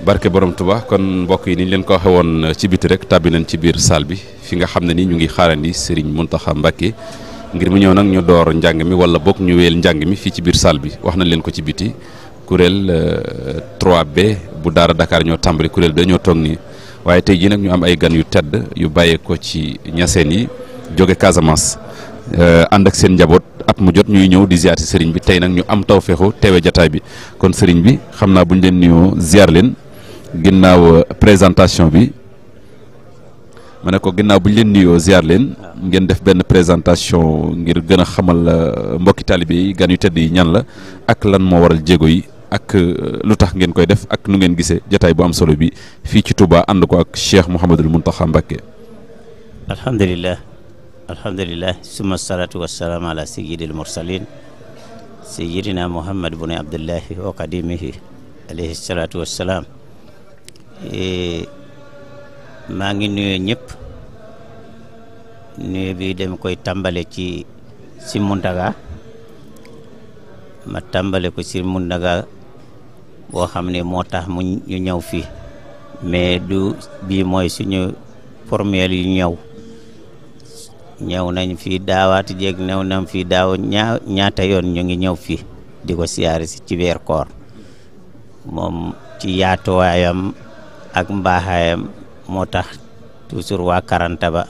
barke borom Touba kon mbokk yi ni leen ko waxee woon ci biti rek tàbbi nañ ci biir salle bi fi nga xam ne ni ñu ngi xaarandi Serigne Mountakha Mbacké ngir mu ñëw nag ñu door njàng mi wala bokk ñu wéyal njàng mi fii ci biir salle bi wax nañ leen ko ci biti kuréel 3B euh, bu Daara Dakar ñoo tàmbali kuréel bi dañoo toog nii. waaye tey jii nag ñu am ay gan yu tedd yu bàyyeekoo ci ñaseen yi jóge Casamance euh, ànd ak seen njaboot at mu jot ñuy ñëw di ziar si bi tey nag ñu am taw feexu teewe jataay bi kon sëriñ bi xam naa bu leen nuyoo ziar leen ginnaaw euh, présentation bi mu ne ko ginnaaw bu leen niyoo ziar leen ngeen def benn présentation ngir gën a xamal euh, mbokki taalibe yi gan yu tedd yi ñan la ak lan moo waral jéego yi ak euh, lu tax ngeen koy def ak nu ngeen gisee jataay bu am solo bi fii ci Touba ànd ko ak Cheikh Mouhamadul Mountakha Mbacké alhamdulilah alhamdulilah summa salaatu wassalaam ala sayyidil mursalin sayyidina Muhammad bun Abdullahi wa qadimihi alayhi salaatu wassalaam e, maa ngi nuyu ñëpp nuyu bi dem koy tàmbale ci si Mountakha ma tàmbale ko si Mountakha boo xam ne moo tax mu ñu ñëw fii mais du bii mooy suñu formel yu ñëw ñëw nañ fi daawaati jéeg ñëw nañ fii daaw ñaa ñaata yoon ñu ngi ñëw fii di ko siyaare si ci weer koor moom ci yaatuwaayam ak mbaaxaayam moo tax toujours waa Karantaba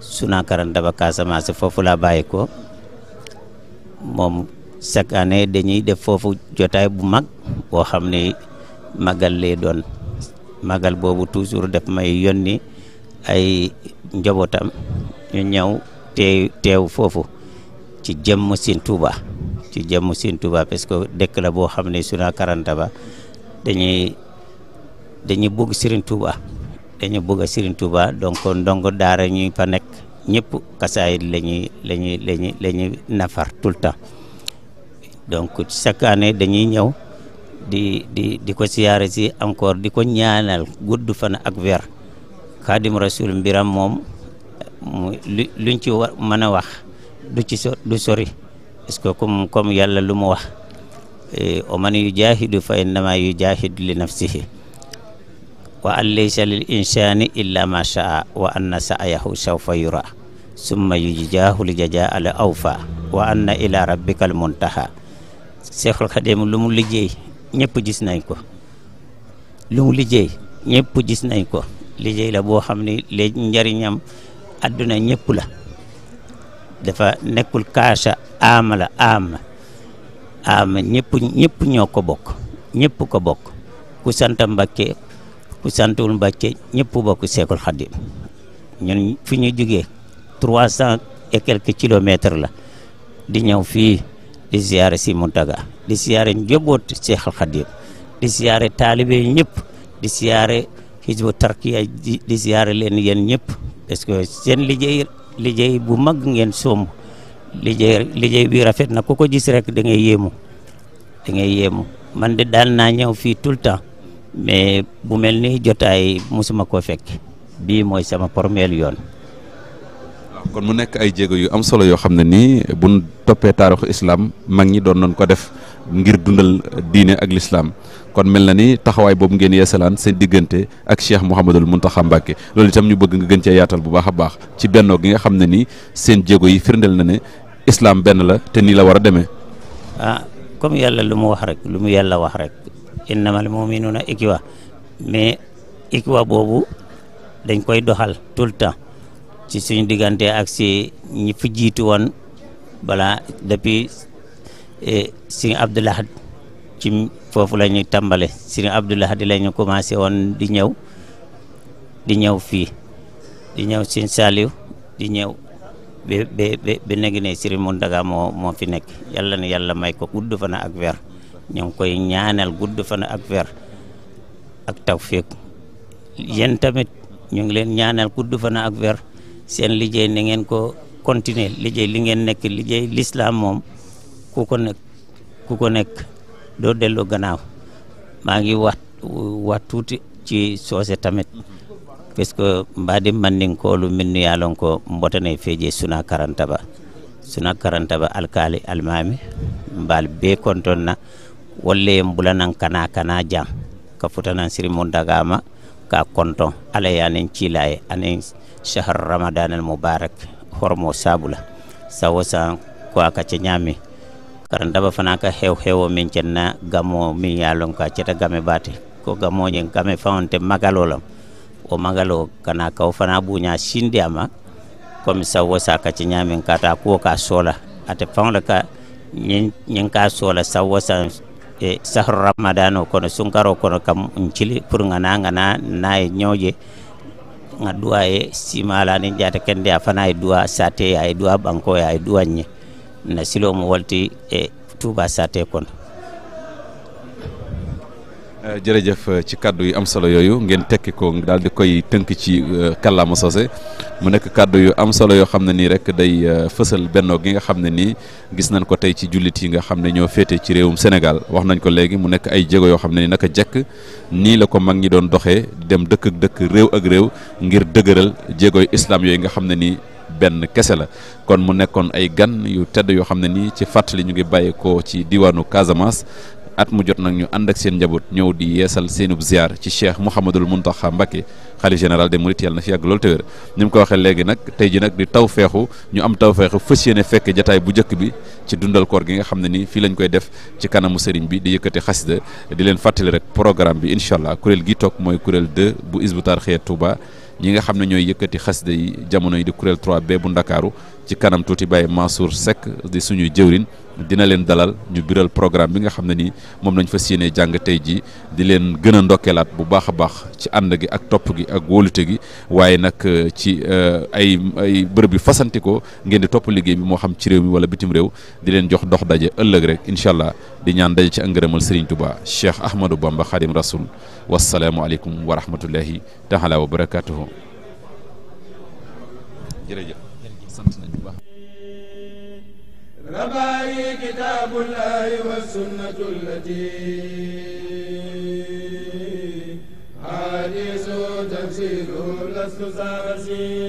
suna Karantaba Casamance foofu la bàyyi ko moom chaque année dañuy def foofu jotaay bu mag boo xam ne màggal lay doon màggal boobu toujours def may yónni ay njabootam ñu ñaw teew foofu ci jëmm Sëñ Tuuba ci jëmm Sëñ Tuuba parce que dëkk la boo xam ne suna karanta ba dañuy dañuy bëgg Sëriñ Tuuba dañu bëgg a Sëriñ Tuuba donc ndongo daara ñuy fa nekk ñëpp kasaayit lañuy lañuy lañuy la ñuy nafar tout le temps donc chaque année dañuy ñëw di di di ko siyaare si encore di ko ñaanal gudd fan ak weer xaadim rasul mbiram moom mu luñ ci mën a wax du ci du sori parce que comme comme yàlla lu mu wax o eh, fa innama yujahidu li nafsihi wa an lil insani illa ma shaa wa anna sa'yahu sawfa yura summa yujjaahu li jajaa al awfa wa anna ila rabbika muntaha Seexul Xadim lu mu liggéey ñëpp gis nañ ko lu mu liggéey ñëpp gis nañ ko liggéey la boo xam ne léegi njariñam àdduna ñëpp la dafa nekkul kaasa aama la aama aama ñëpp ñëpp ñoo ko bokk ñëpp ku sant Mbàkke ku santul Mbàkke ñëpp bokk Seexul Xadim ñun fi ñu jógee trois cent et quelques kilomètres la di ñëw fii di siyaare si Muntaga di siyaare njaboot Seexal Xadiim di siyaare taalibe ñëpp di siyaare Hizbu di siyaare leen yéen ñëpp parce que seen liggéey liggéey bu mag ngeen soom liggéey liggéey bi rafet na ku ko gis rek da ngay yéemu da ngay yéemu man de daal naa ñëw fii tout le temps mais bu mel ni jotaay musuma koo fekk bii mooy sama premier yoon kon mu nekk ay jéego yu am solo yoo xam ne nii bu toppee taarixu islaam mag ñi doon nañ ko def ngir dundal diine ak lislaam kon mel na ni taxawaay boobu ngeen yeesalaan seen diggante ak Cheikh mun Mountakha Mbacké loolu itam ñu bëgg nga gën cee yaatal bu baax a baax ci bennoo gi nga xam ne ni seen jéego yi firndeel na ne islaam benn la te nii la war a demee. ah comme yàlla lu mu wax rek lu mu yàlla wax rek innamal mu'minuna ikwa mais ikwa boobu dañ koy doxal tout le temps. ci suñu diggante ak si ñu fi jiitu woon bala depuis eh, si Abdou Lahad ci foofu la ñuy tàmbale si Abdou Lahad la ñu commencé woon di ñëw di ñëw fii di ñëw Sëriñ Saliou di ñëw ba ba ba nag ne Sëriñ moo fi nekk yàlla na yàlla may ko gudd fana ak weer ñu ngi koy ñaanal gudd fana ak weer ak tawféeg yéen tamit ñu leen ñaanal gudd fana ak weer seen liggéey na ngeen ko continuer liggéey li ngeen nekk liggéey lislaam moom ku ko nekk ku ko nekk doo delloo gannaaw maa ngi wax wax tuuti ci soose tamit parce que mbaadi mandinkoolu min nu yaalon ko mbotane feeje suna karantaba suna karantaba alkaali almaami mbaal bee konton na walla ye mbulanan kana kana jam ka futanan siri mundagama ka konton ala yanin ciilaye anin shahar ramadan al mubarak hormo sabula sawosan ko aka ce ñami karan daba fana ka hew hewo min cenna gamo min yalon ka ceta game bate ko gamojen game fawonte magalolam o magalo kana kaw fana buña sindi ama comme sawosa ka ce ñamin kata kuwo ka sola ate fawle ka ñin ka sola sawosa e sahru ramadan o kono sunkaro kono kam n cili pour ngana ngana naye ñooje ngadduwa e simalani jata kende a fana e duwa sate ya e duwa ɓanko ya e duwanñe na silo mo walti e touba sate kono Euh, jërëjëf euh, ci kàddu yu am solo yooyu ngeen tekki ko daal di koy tënk ci euh, kàllaama soose mu nekk kàddu yu am solo yoo xam ne nii rek day fësal bennoo gi nga xam ne nii gis nañ ko tey ci jullit yi nga xam ne ñoo féete ci réewum Sénégal wax nañ ko léegi mu nekk ay jéego yoo xam ne ni naka jekk nii la ko mag ñi doon doxee dem dëkk ak dëkk réew ak réew ngir dëgëral jéegoy islam yooyu nga xam ne ni benn kese la kon mu nekkoon ay gan yu tedd yoo xam ne nii ci fàttali ñu ngi bàyyeekoo ci diwaanu Casamance at mu jot nag ñu ànd ak seen njaboot ñëw di yeesal seenub ziar ci cheikh Mouhamadul Mountakha Mbacké xalif général des mourides yàlla na fi yàgg loolu te wér ni mu ko waxee léegi nag tey ji nag di taw feexu ñu am taw feexu fas yéene fekk jataay bu njëkk bi ci dundal koor gi nga xam ne nii fii lañ koy def ci kanamu sëriñ bi di yëkkati xasida di leen fàttali rek programme bi incha allah kuréel gi toog mooy kuréel 2 bu Hizbut Tarqiyyah Touba ñi nga xam ne ñooy yëkkati xasida yi jamono yi di kuréel 3 b bu ndakaaru ci kanam tuuti bàyyi Mansour Seck di suñuy jëwrin dina leen dalal ñu biral programme bi nga xam ne ni moom lañ fa yéene jàng tey ji di leen gën a ndokkeelaat bu baax a baax ci ànd gi ak topp gi ak wóolute gi waaye nag euh, ci euh, ay ay bërëb yu fasante ko ngeen di topp liggéey bi moo xam ci réew mi wala bitim réew di leen jox dox daje ëllëg rek incha allah di ñaan daje ci ngërëmal Serigne Touba Cheikh Ahmadou Bamba Khadim Rasoul wasalaamualeykum wa rahmatullahi taala wa barakatuhu jërëjëf رباعي كتاب الله والسنة التي حديث تفسير لست سارسي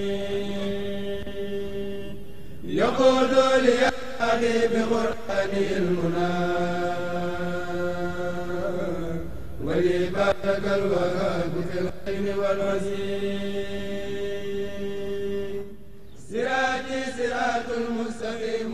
يقول لي أخي بقرآني المنى ولي بارك الوهاب في العين والوزير صراطي صراط المستقيم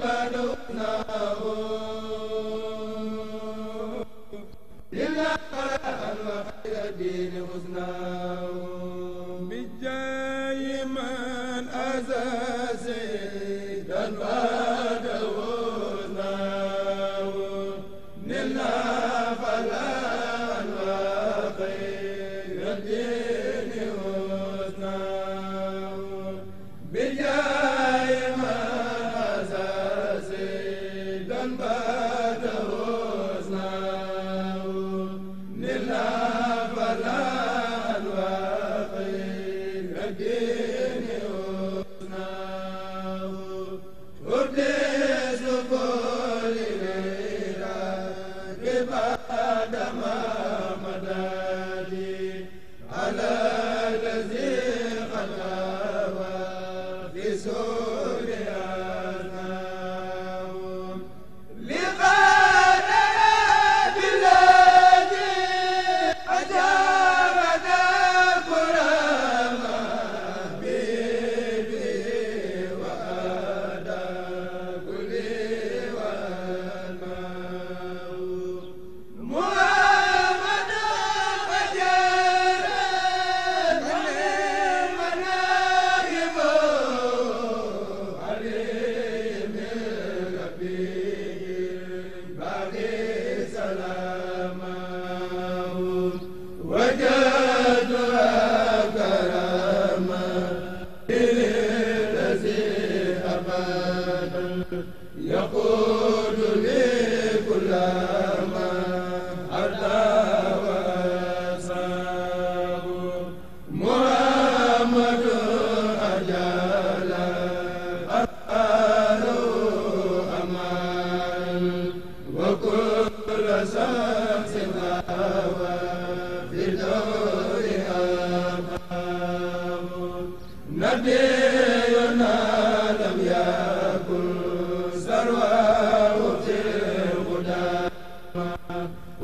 Bado na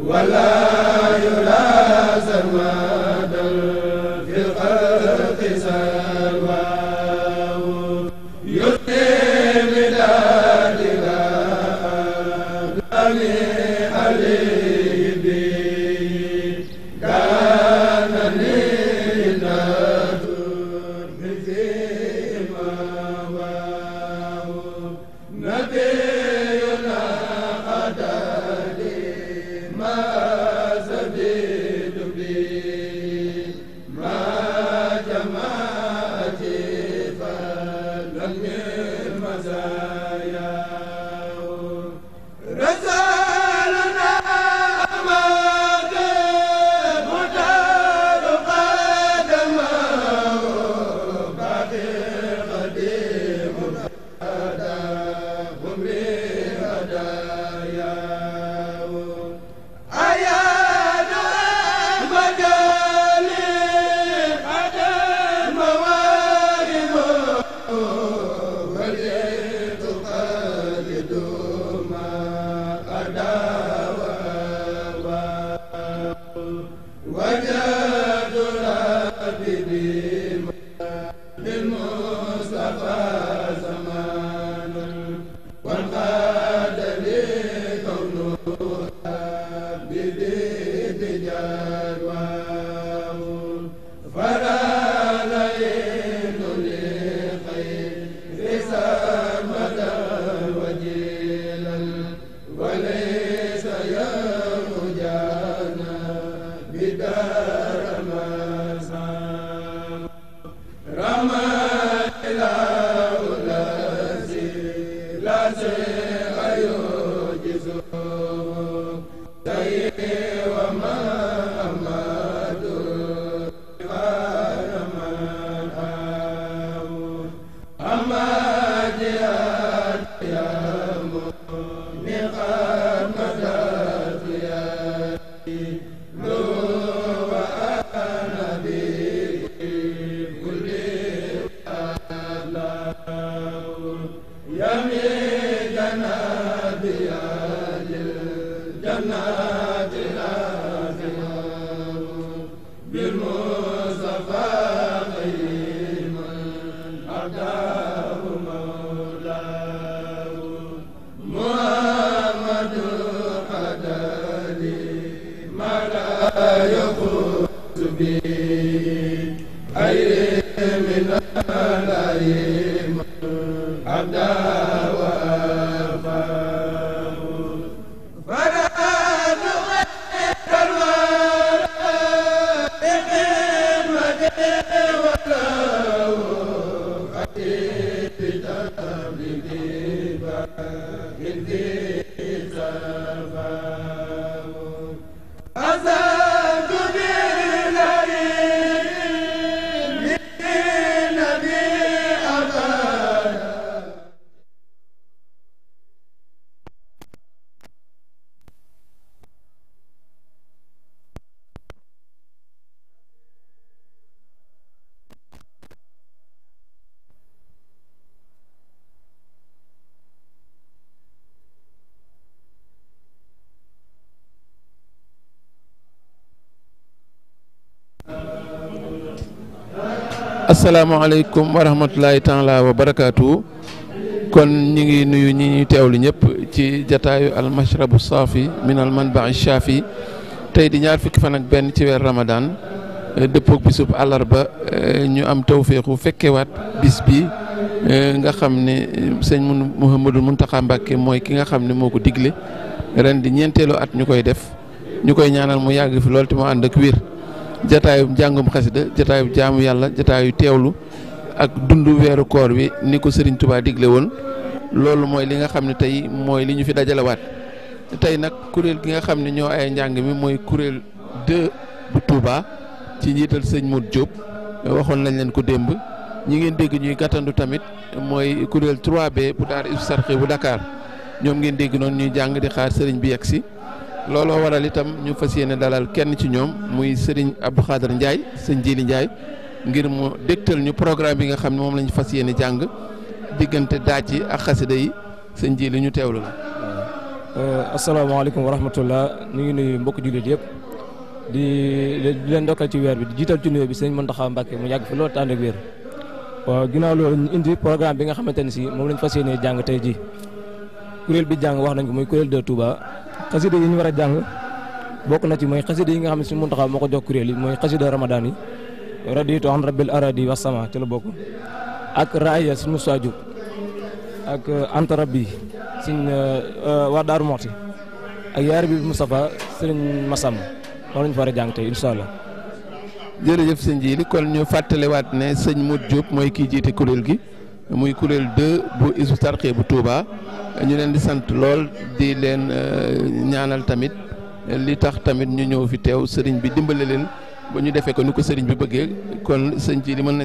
ولا يلازم la asalaamaaleykum wa rahmatulahi taala wa barakaatu kon ñi ngi nuyu ñi teew teewlu ñëpp ci jataayu almashrabu saafi min almanbai shaafi tey di ñaar fukki fan ak benn ci weer Ramadan dëppoog bisub àllarba ñu am tawféexu fekkewaat bis bi nga xam ne sëñ mun Mountakha Mbacké mooy ki nga xam ne moo ko digle ren di ñeenteelu at ñu koy def ñu koy ñaanal mu yàgg fi lool te mu ànd ak wér. jataayu jàngum xasida jataayu jaamu yàlla jataayu teewlu ak dund weeru koor bi ni ko Serigne Touba digle woon loolu mooy li nga xam ne tey mooy li ñu fi dajalewaat tey nag kuréel gi nga xam ne ñoo ay njàng mi mooy kuréel 2 bu Touba ci njiital sëñ Modou Diop waxoon nañ leen ko démb ñi ngeen dégg ñuy gàttandu tamit mooy kuréel 3B bu daar Hizbut Tarqiyyah bu Dakar ñoom ngeen dégg noonu ñuy jàng di xaar sëriñ bi yegg si looloo waral itam ñu fas yéene dalal kenn ci ñoom muy Serigne abu Khader njaay sëñ Jili njaay ngir mu dégtal ñu programme bi nga xam ne moom lañu fas yéene jàng diggante daaj yi ak xasida yi sëñ ñu teewlu la. Euh, asalaamaaleykum wa rahmatullah ñu ngi nuyu mbokk jullit yëpp di di ci weer bi jiital ci nuyoo bi sëñ Mountakha Mbacké mu yàgg fi loolu tànd loolu indi programme bi nga xamante ne si moom lañu fas yéene jàng tey ji kuréel bi jàng wax nañ ko muy kuréel de Touba. xasida yi ñu war a jàng bokk na ci mooy xasida yi nga xam ne suñu muntaxaa moo ko jox kuréel yi mooy xasida ramadan yi raditu an rabbil aradi wax sama ci la bokk ak raaya suñu saaju ak anta rabbi si euh, waa daaru moxti ak yaar bi Moustapha sëriñ Massam loolu lañu fa war a jàng tey incha allah jërëjëf sëñ ji li kon ñu fàttalewaat ne sëñ Modou Diop mooy kii jiite kuréel gi muy kuréel 2 bu Hizbut Tarqiyyah bu Touba ñu leen di sant lool di leen euh, ñaanal tamit li tax tamit ñu ñëw fi teew sëriñ bi dimbale leen ba ñu defee ko ni ko sëriñ bi bëggee kon sëñ ji li na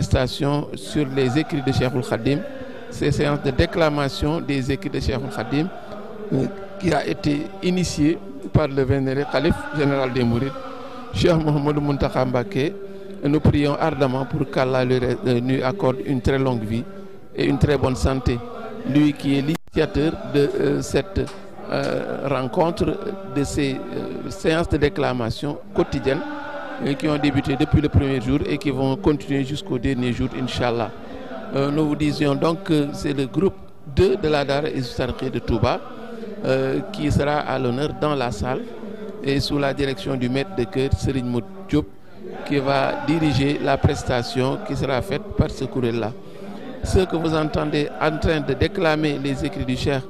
manifestation sur les écrits de Cheikhoul Khadim, ces séances de déclamation des écrits de Cheikhoul Khadim euh, qui a été initiée par le vénéré calife général des Mourides, Cheikh Mohamed Muntakha Mbacké. Nous prions ardemment pour qu'Allah euh, lui accorde une très longue vie et une très bonne santé. Lui qui est l'initiateur de euh, cette rencontre, de ces séances de déclamation quotidiennes. Euh, qui ont débuté depuis le premier jour et qui vont continuer jusqu'au dernier jour, Inch'Allah. Euh, nous vous disions donc que c'est le groupe 2 de la Dara et de Touba euh, qui sera à l'honneur dans la salle et sous la direction du maître de cœur Serigne Mout qui va diriger la prestation qui sera faite par ce courrier-là. Ce que vous entendez en train de déclamer les écrits du cher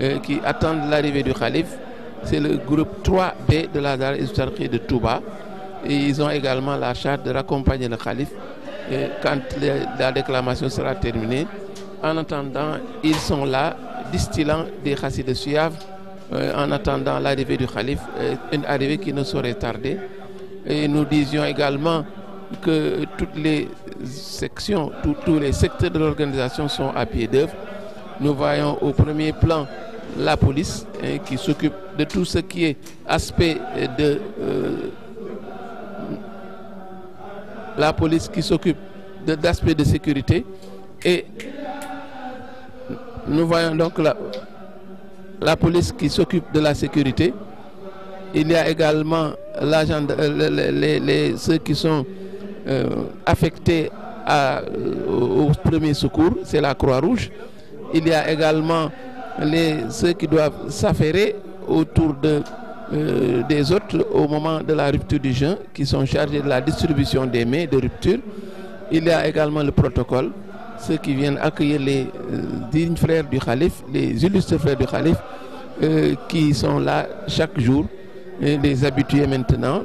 euh, qui attendent l'arrivée du calife, c'est le groupe 3B de la Dara et de Touba Et ils ont également la charge de raccompagner le calife et quand les, la déclamation sera terminée. En attendant, ils sont là, distillant des chassis de suave euh, en attendant l'arrivée du calife, euh, une arrivée qui ne saurait tarder. Et nous disions également que toutes les sections, tout, tous les secteurs de l'organisation sont à pied d'œuvre. Nous voyons au premier plan la police qui s'occupe de tout ce qui est aspect de euh, la police qui s'occupe d'aspects de, de sécurité. Et nous voyons donc la, la police qui s'occupe de la sécurité. Il y a également la, euh, les, les, les, ceux qui sont euh, affectés à, au, euh, au premier secours, c'est la Croix-Rouge. Il y a également les, ceux qui doivent s'affairer autour de Euh, des autres au moment de la rupture du jeûne qui sont chargés de la distribution des mets de rupture. Il y a également le protocole, ceux qui viennent accueillir les euh, dignes frères du khalife, les illustres frères du khalife euh, qui sont là chaque jour, et les habitués maintenant.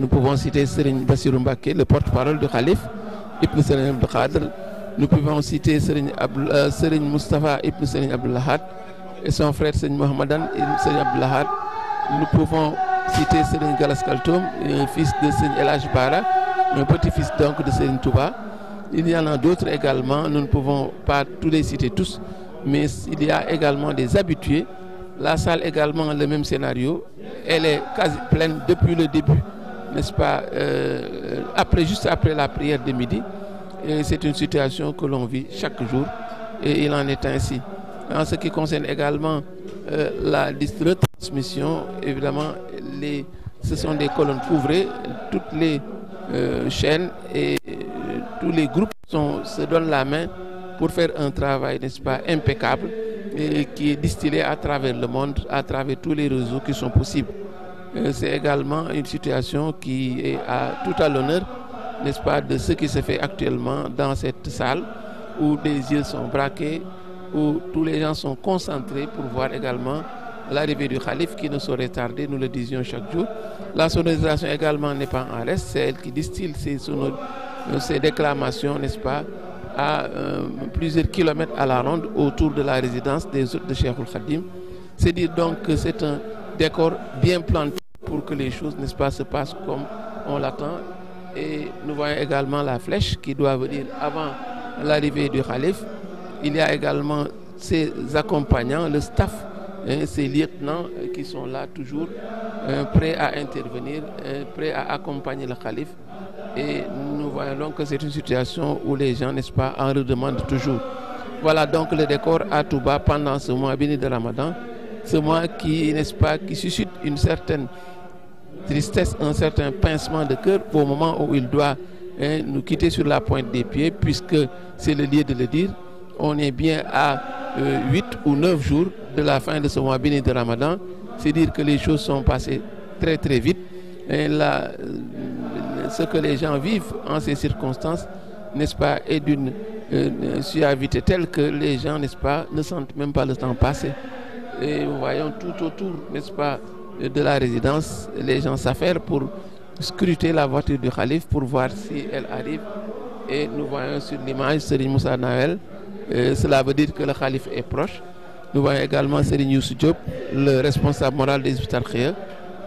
Nous pouvons citer Serigne Bassirou Mbacké, le porte-parole du khalife, Ibn Serigne Abdou Khadr. Nous pouvons citer Serigne euh, Serigne Moustapha Ibn Serigne Abdou Lahad et son frère Serigne nous pouvons citer Serigne Gallas Kaltoum, fils de Serigne El Bara, un petit-fils donc de Serigne Touba. Il y en a d'autres également, nous ne pouvons pas tous les citer tous, mais il y a également des habitués. La salle également le même scénario, elle est quasi pleine depuis le début, n'est-ce pas? Euh, après, juste après la prière de midi. Et c'est une situation que l'on vit chaque jour et il en est ainsi. En ce qui concerne également euh, la distribution transmission, évidemment, les, ce sont des colonnes couvrées, toutes les euh, chaînes et euh, tous les groupes sont, se donnent la main pour faire un travail, n'est-ce pas, impeccable et qui est distillé à travers le monde, à travers tous les réseaux qui sont possibles. Euh, C'est également une situation qui est à, tout à l'honneur, n'est-ce pas, de ce qui se fait actuellement dans cette salle où des yeux sont braqués, où tous les gens sont concentrés pour voir également l'arrivée du calife qui ne saurait tarder, nous le disions chaque jour. La sonorisation également n'est pas en reste, c'est elle qui distille ses, sonor... Euh, ses déclamations, n'est-ce pas, à euh, plusieurs kilomètres à la ronde autour de la résidence des hôtes de Cheikhoul Khadim. C'est dire donc que c'est un décor bien planté pour que les choses, n'est-ce pas, se passent comme on l'attend. Et nous voyons également la flèche qui doit venir avant l'arrivée du calife. Il y a également ses accompagnants, le staff hein, ces lieutenants euh, qui sont là toujours hein, euh, prêts à intervenir, euh, prêts à accompagner le calife. Et nous voyons donc que c'est une situation où les gens, n'est-ce pas, en redemandent toujours. Voilà donc le décor à Touba pendant ce mois béni de Ramadan, ce mois qui, n'est-ce pas, qui suscite une certaine tristesse, un certain pincement de cœur au moment où il doit hein, nous quitter sur la pointe des pieds, puisque c'est le lieu de le dire. On est bien à euh, 8 ou 9 jours de la fin de ce mois béni de Ramadan, c'est dire que les choses sont passées très très vite. Et là, euh, ce que les gens vivent en ces circonstances, n'est-ce pas, est d'une euh, suavité telle que les gens, n'est-ce pas, ne sentent même pas le temps passer. Et nous voyons tout autour, n'est-ce pas, de la résidence, les gens s'affairent pour scruter la voiture du calife pour voir si elle arrive. Et nous voyons sur l'image Serine Moussa Nawel, euh, cela veut dire que le calife est proche. Nous voyons également Serigne Youssou Diop, le responsable moral des Hizbut-Tarqiyyah,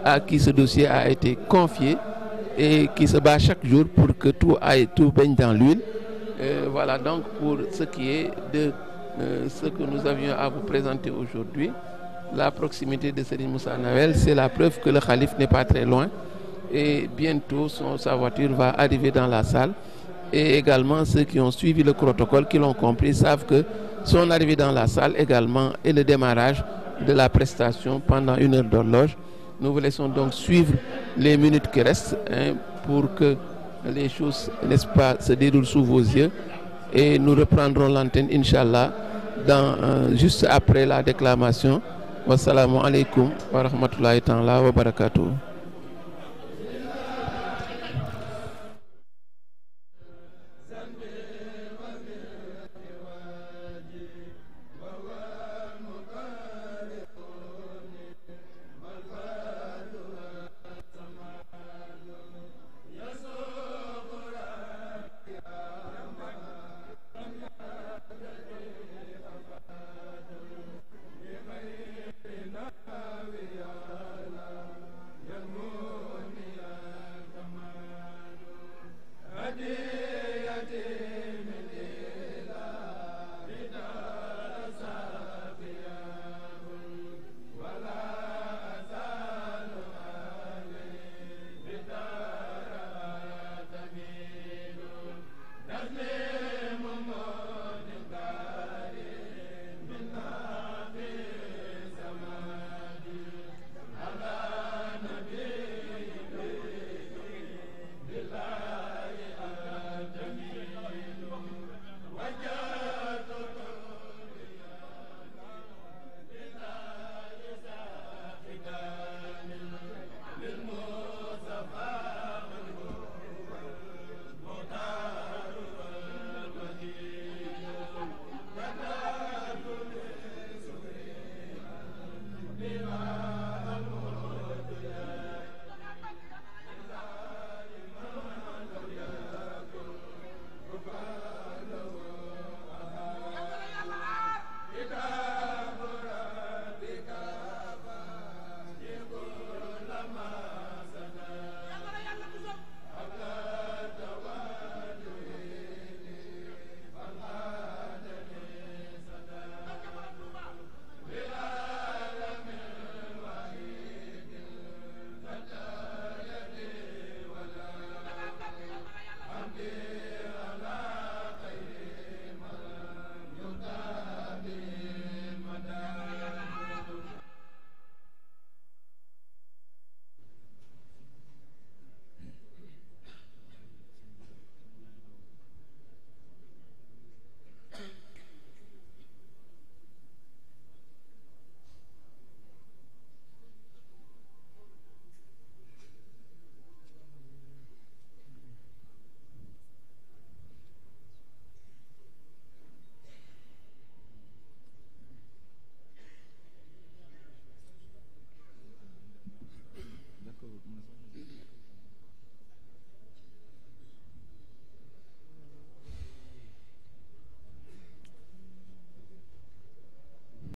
à qui ce dossier a été confié et qui se bat chaque jour pour que tout aille, tout baigne dans l'huile. Euh, voilà donc pour ce qui est de euh, ce que nous avions à vous présenter aujourd'hui. La proximité de Serigne Moussa Nawel, c'est la preuve que le calife n'est pas très loin et bientôt son, sa voiture va arriver dans la salle. et également ceux qui ont suivi le protocole, qui l'ont compris, savent que son arrivée dans la salle également et le démarrage de la prestation pendant une heure d'horloge. Nous vous laissons donc suivre les minutes qui restent hein, pour que les choses, n'est-ce pas, se déroulent sous vos yeux. Et nous reprendrons l'antenne, Inch'Allah, dans, euh, juste après la déclamation. Wassalamu alaikum wa rahmatullahi wa barakatuh.